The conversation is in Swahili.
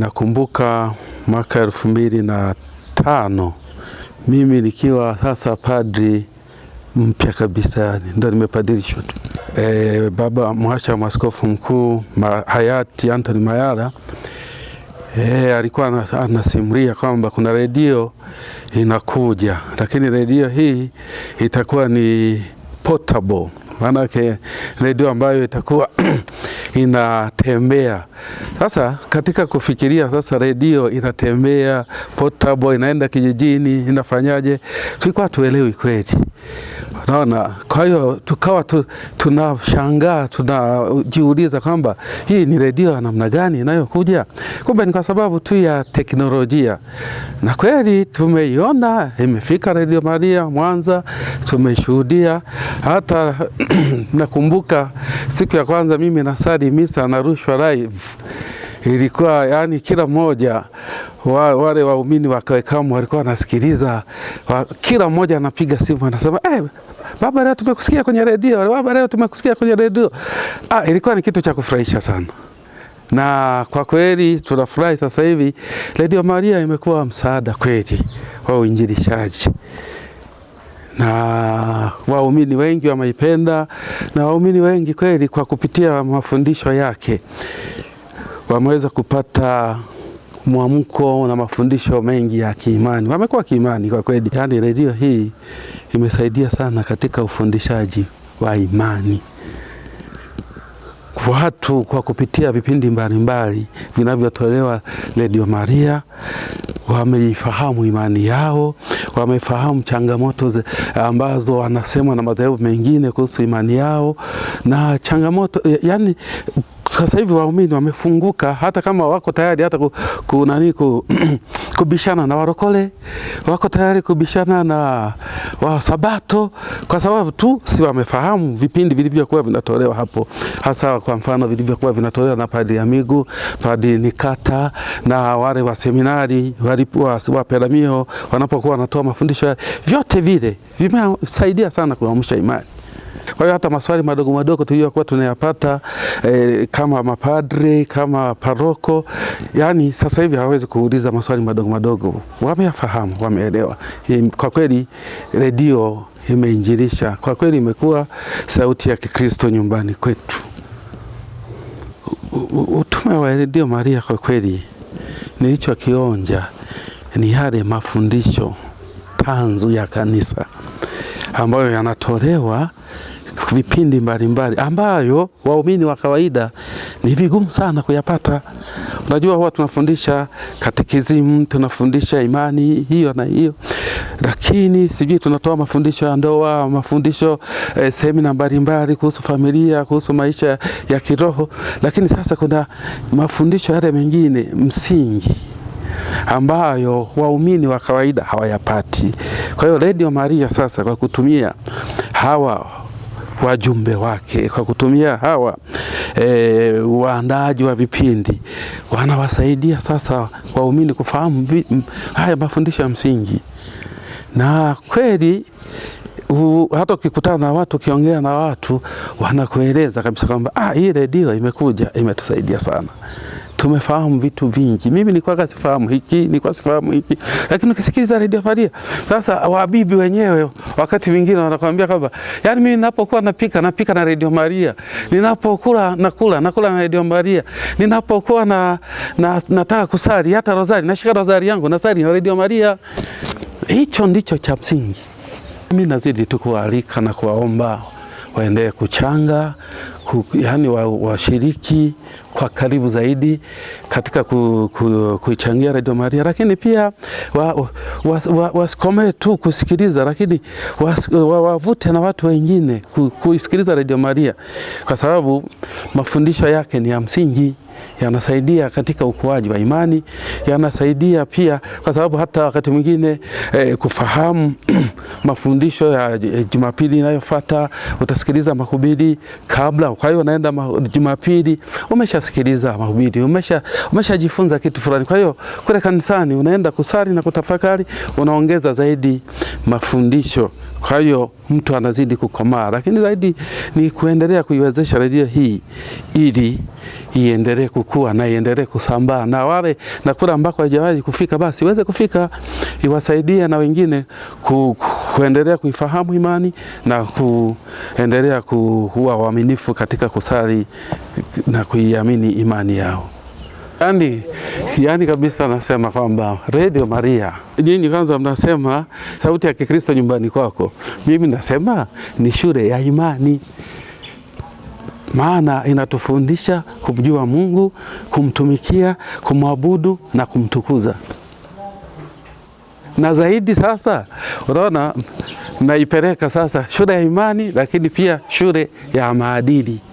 Nakumbuka mwaka elfu mbili na tano mimi nikiwa sasa padri mpya kabisa, yani ndo nimepadirishwa tu e, baba mwasha wa maskofu mkuu ma, hayati Anthony Mayara e, alikuwa anasimulia kwamba kuna redio inakuja, lakini redio hii itakuwa ni portable maanake redio ambayo itakuwa inatembea sasa. Katika kufikiria sasa, redio inatembea portable, inaenda kijijini, inafanyaje? Tulikuwa tuelewi kweli Naona, kwa hiyo tukawa tu, tunashangaa tunajiuliza kwamba hii ni redio ya namna gani inayokuja? Kumbe ni kwa sababu tu ya teknolojia, na kweli tumeiona imefika redio Maria Mwanza, tumeshuhudia hata nakumbuka siku ya kwanza mimi nasali misa narushwa live ilikuwa yani kila mmoja wa, wale waumini wakawekamu walikuwa wanasikiliza wa, kila mmoja anapiga simu anasema eh, baba leo tumekusikia kwenye redio, baba leo tumekusikia kwenye redio. Ah, ilikuwa ni kitu cha kufurahisha sana na kwa kweli tunafurahi sasa hivi Redio Maria imekuwa msaada kweli wa uinjilishaji na waumini wengi wameipenda na waumini wengi kweli kwa kupitia mafundisho yake wameweza kupata mwamko na mafundisho mengi ya kiimani, wamekuwa kiimani kwa kweli. Yaani redio hii imesaidia sana katika ufundishaji wa imani watu kwa kupitia vipindi mbalimbali vinavyotolewa redio Maria, wameifahamu imani yao, wamefahamu changamoto ze, ambazo wanasemwa na madhehebu mengine kuhusu imani yao na changamoto, yani sasa hivi waumini wamefunguka, hata kama wako tayari hata ku, ku, nani, ku, kubishana na warokole, wako tayari kubishana na wasabato kwa sababu tu si wamefahamu vipindi vilivyokuwa vinatolewa hapo, hasa kwa mfano vilivyokuwa vinatolewa na Padri Amigu, Padri Nikata na wale wa seminari waperamio wanapokuwa wanatoa mafundisho, vyote vile vimesaidia sana kuamsha imani. Kwa hiyo hata maswali madogo madogo tuliyo tunayapata eh, kama mapadre kama paroko, yani sasa hivi hawawezi kuuliza maswali madogo madogo, wameyafahamu, wameelewa. Kwa kweli redio imeinjilisha, kwa kweli imekuwa sauti ya Kikristo nyumbani kwetu. Utume wa redio Maria kwa kweli nilichokionja ni yale mafundisho tanzu ya kanisa ambayo yanatolewa vipindi mbalimbali ambayo waumini wa kawaida ni vigumu sana kuyapata. Unajua, huwa tunafundisha katekizimu, tunafundisha imani hiyo na hiyo, lakini sijui tunatoa mafundisho ya ndoa, mafundisho eh, semina mbalimbali kuhusu familia, kuhusu maisha ya kiroho, lakini sasa kuna mafundisho yale mengine msingi ambayo waumini wa kawaida hawayapati. Kwa hiyo Radio Maria sasa kwa kutumia hawa wajumbe wake kwa kutumia hawa e, waandaaji wa vipindi wanawasaidia sasa waumini kufahamu haya mafundisho ya msingi, na kweli hata ukikutana na watu ukiongea na watu wanakueleza kabisa kwamba ah, hii redio imekuja imetusaidia sana tumefahamu vitu vingi. Mimi nilikuwa kasifahamu hiki, nilikuwa sifahamu hiki, lakini ukisikiliza Radio Maria sasa, wabibi wenyewe wakati mwingine wanakuambia kwamba yani, mimi ninapokuwa napika napika na Radio Maria, ninapokula nakula nakula na Radio Maria, ninapokuwa na, na nataka kusali hata rozari nashika rozari yangu nasali na Radio Maria. Hicho ndicho cha msingi. Mimi nazidi tu kuwaalika na kuwaomba waendelee kuchanga yani washiriki wa kwa karibu zaidi katika ku, ku, kuichangia Radio Maria, lakini pia wasikomee wa, wa, wa tu kusikiliza, lakini wavute wa, na watu wengine kusikiliza Radio Maria kwa sababu mafundisho yake ni ya msingi yanasaidia katika ukuaji wa imani, yanasaidia pia kwa sababu hata wakati mwingine eh, kufahamu mafundisho ya eh, Jumapili inayofuata utasikiliza mahubiri kabla. Kwa hiyo unaenda Jumapili umeshasikiliza mahubiri, umesha umeshajifunza kitu fulani. Kwa hiyo kule kanisani unaenda kusali na kutafakari, unaongeza zaidi mafundisho kwa hiyo mtu anazidi kukomaa, lakini zaidi ni kuendelea kuiwezesha redio hii ili iendelee kukua na iendelee kusambaa, na wale na kule ambako haijawahi kufika basi iweze kufika, iwasaidie na wengine ku, kuendelea kuifahamu imani na kuendelea kuwa waaminifu katika kusali na kuiamini imani yao yani, yani kabisa nasema kwamba Radio Maria, nyinyi kwanza mnasema sauti ya Kikristo nyumbani kwako, mimi nasema ni shule ya imani maana inatufundisha kumjua Mungu, kumtumikia, kumwabudu na kumtukuza. Na zaidi sasa, unaona naipeleka sasa shule ya imani, lakini pia shule ya maadili.